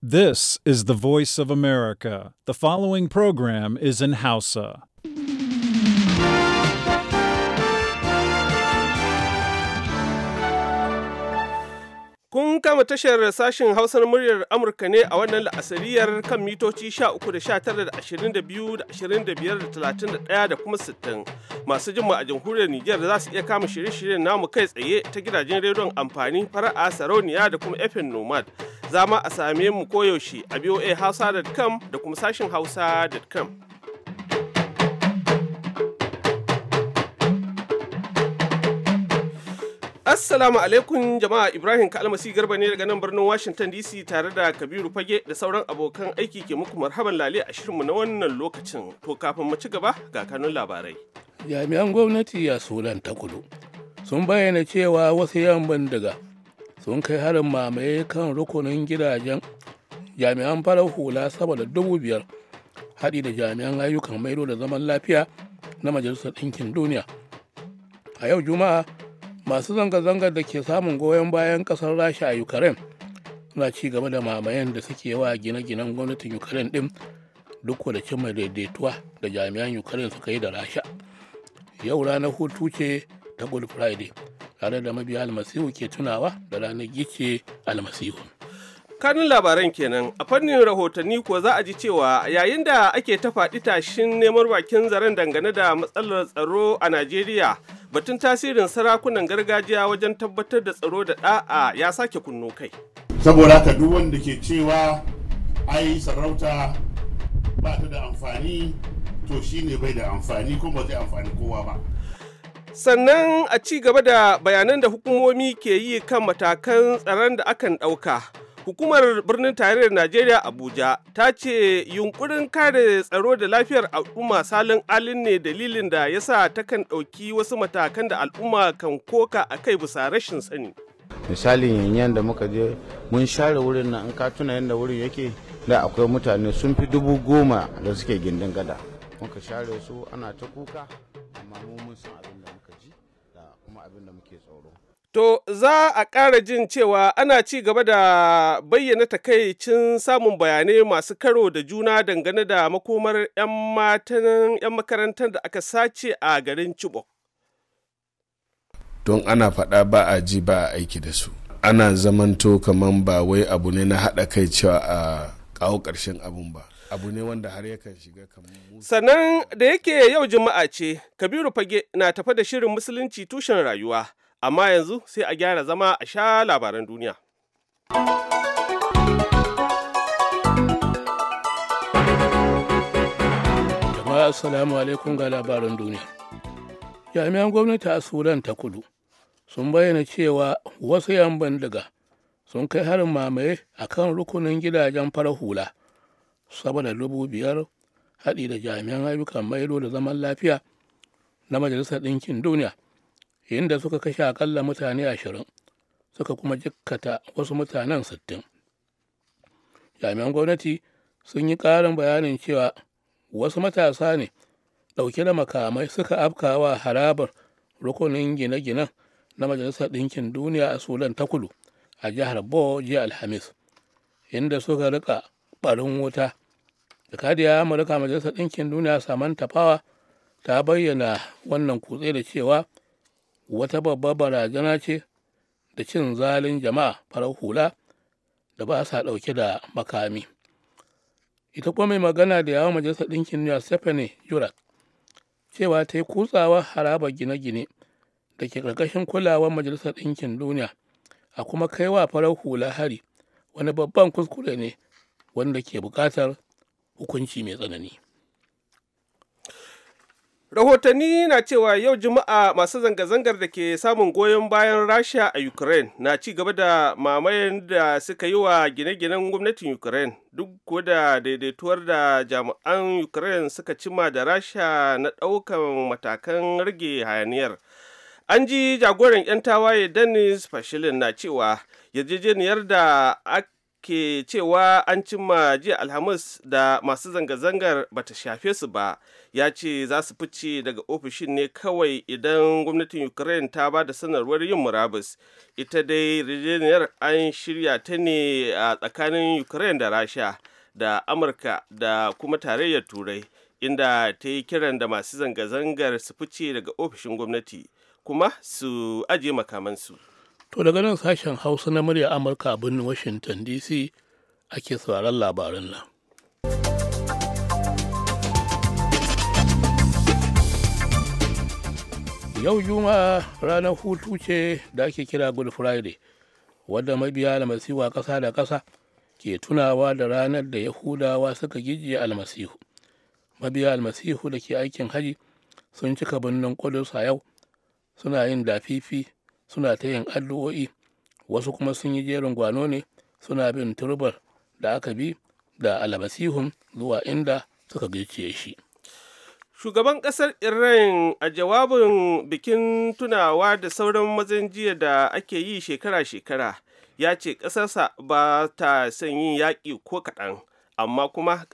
This is the voice of America. The following program is in Hausa. Kun kama tashar sashen Hausar muryar Amurka ne a wannan la'asariyar kan mitoci 13-19-25-31 da kuma 60. Masu jin a jamhuriyar Nijar za su iya kama shirye-shiryen namu kai tsaye ta gidajen rediyon amfani fara'a sarauniya da kuma FM Nomad. Za ma a same mu koyaushe a voahausa.com da kuma sashin hausa.com. Assalamu alaikum jama'a Ibrahim Kalmasi Garba ne daga nan birnin Washington DC tare da Kabiru Fage da sauran abokan aiki ke muku marhaban lale a shirinmu na wannan lokacin. To kafin mu ci gaba ga kanun labarai. Jami'an gwamnati ya Sudan ta sun bayyana cewa wasu yan bandaga sun kai harin mamaye kan rukunin gidajen jami'an farar hula sama da dubu biyar haɗi da jami'an ayyukan maido da zaman lafiya na majalisar ɗinkin duniya a yau juma'a masu zanga-zangar da ke samun goyon bayan ƙasar rasha a ukraine suna ci gaba da mamayen da suke wa gine-ginen gwamnatin ukraine ɗin duk da cimma daidaituwa da jami'an ukraine suka yi da rasha yau ranar hutu ce ta good friday tare da mabiya almasihu ke tunawa da ranar yake almasihu kanun labaran kenan a fannin rahotanni ko za a ji cewa yayin da ake ta faɗi tashin neman bakin zaren dangane da matsalar tsaro a najeriya batun tasirin sarakunan gargajiya wajen tabbatar da tsaro da ɗa'a ya sake kunno kai saboda ka duk wanda ke cewa ai sarauta ba ta da amfani to shine bai da amfani kuma ba zai amfani kowa ba sannan a ci gaba da bayanan da hukumomi ke yi kan matakan tsaron da akan ɗauka hukumar birnin tarayyar najeriya abuja ta ce yunkurin kare tsaro da lafiyar al'umma salin alin ne dalilin da ya sa takan ɗauki wasu matakan da al'umma kan koka a kai bisa rashin sani misalin yanyan da muka je mun share wurin na in ka tuna yadda wurin yake da akwai mutane sun fi dubu goma da suke gindin gada muka share su ana ta kuka amma mun san abin da muke tsoro To za a ƙara jin cewa ana ci gaba da bayyana takaicin samun bayanai masu karo da juna dangane da makomar 'yan matan 'yan makarantar da aka sace a garin Chibok. Don ana faɗa ba a ji ba a aiki da su. Ana zamanto kamar ba wai abu ne na haɗa kai cewa a kawo ƙarshen abun ba. abu ne wanda har yakan shiga kamar sannan da yake yau juma'a ce kabiru fage na tafa da shirin musulunci tushen rayuwa amma yanzu sai a gyara zama a sha labaran duniya jama'a assalamu alaikum ga labaran duniya jami'an gwamnati a sudan ta kudu sun bayyana cewa wasu yan bandiga sun kai harin mamaye a kan rukunin gidajen farar hula sama da dubu biyar haɗi da jami'an ayyukan mailo da zaman lafiya na majalisar ɗinkin duniya inda suka kashe akalla mutane ashirin suka kuma jikkata wasu mutanen sittin jami'an gwamnati sun yi ƙarin bayanin cewa wasu matasa ne ɗauke da makamai suka afkawa harabar rukunin gine-ginen na majalisar ɗinkin duniya a sulan takulu a jihar bo jiya alhamis inda suka rika barin wuta jakadiyar amurka majalisar ɗinkin duniya saman tafawa, ta bayyana wannan kutse da cewa wata babbar barazana ce da cin zalin jama'a farar hula da ba sa ɗauke da makami ita kuma mai magana da yawon majalisar ɗinkin duniya stephanie jurak cewa ta yi kutsawa harabar gine-gine da ke ƙarƙashin kulawar majalisar ɗinkin duniya a kuma kaiwa farar hula hari wani babban kuskure ne wanda ke buƙatar hukunci mai tsanani. rahotanni na cewa yau juma'a masu zanga-zangar da ke samun goyon bayan rasha a ukraine na ci gaba da mamayen da suka yi wa gine-ginen gwamnatin ukraine duk kuwa da daidaituwar da jami'an ukraine suka cima da rasha na ɗaukan matakan rage hayaniyar an ji jagoran 'yan tawaye dennis fashilin na cewa yarjejeniyar da aka ke cewa an cimma jiya alhamis da masu zanga-zangar ba ta shafe su ba ya ce za su fice daga ofishin ne kawai idan gwamnatin ukraine ta ba da sanarwar yin murabus ita dai rijiyar an shirya ta ne a tsakanin ukraine da rasha da amurka da kuma tarayyar turai inda ta yi kiran da masu zanga-zangar su fice daga ofishin gwamnati kuma su ajiye makamansu. To daga nan sashen Hausa na murya Amurka birnin Washington DC ake sauraron labarin nan. Yau Juma'a ranar hutu ce da ake kira Good Friday, wadda mabiya almasiwa ƙasa da ƙasa ke tunawa da ranar da Yahudawa suka gijiye almasihu. Mabiya almasihu da ke aikin haji sun cika birnin Kudus a yau suna yin dafifi suna ta yin addu'o'i wasu kuma sun yi jerin gwano ne suna bin turbar da aka bi da almasihun zuwa inda suka gaice shi shugaban kasar iran a jawabin bikin tunawa da sauran mazan jiya da ake yi shekara-shekara ya ce ƙasarsa ba ta son yin yaƙi ko kaɗan amma kuma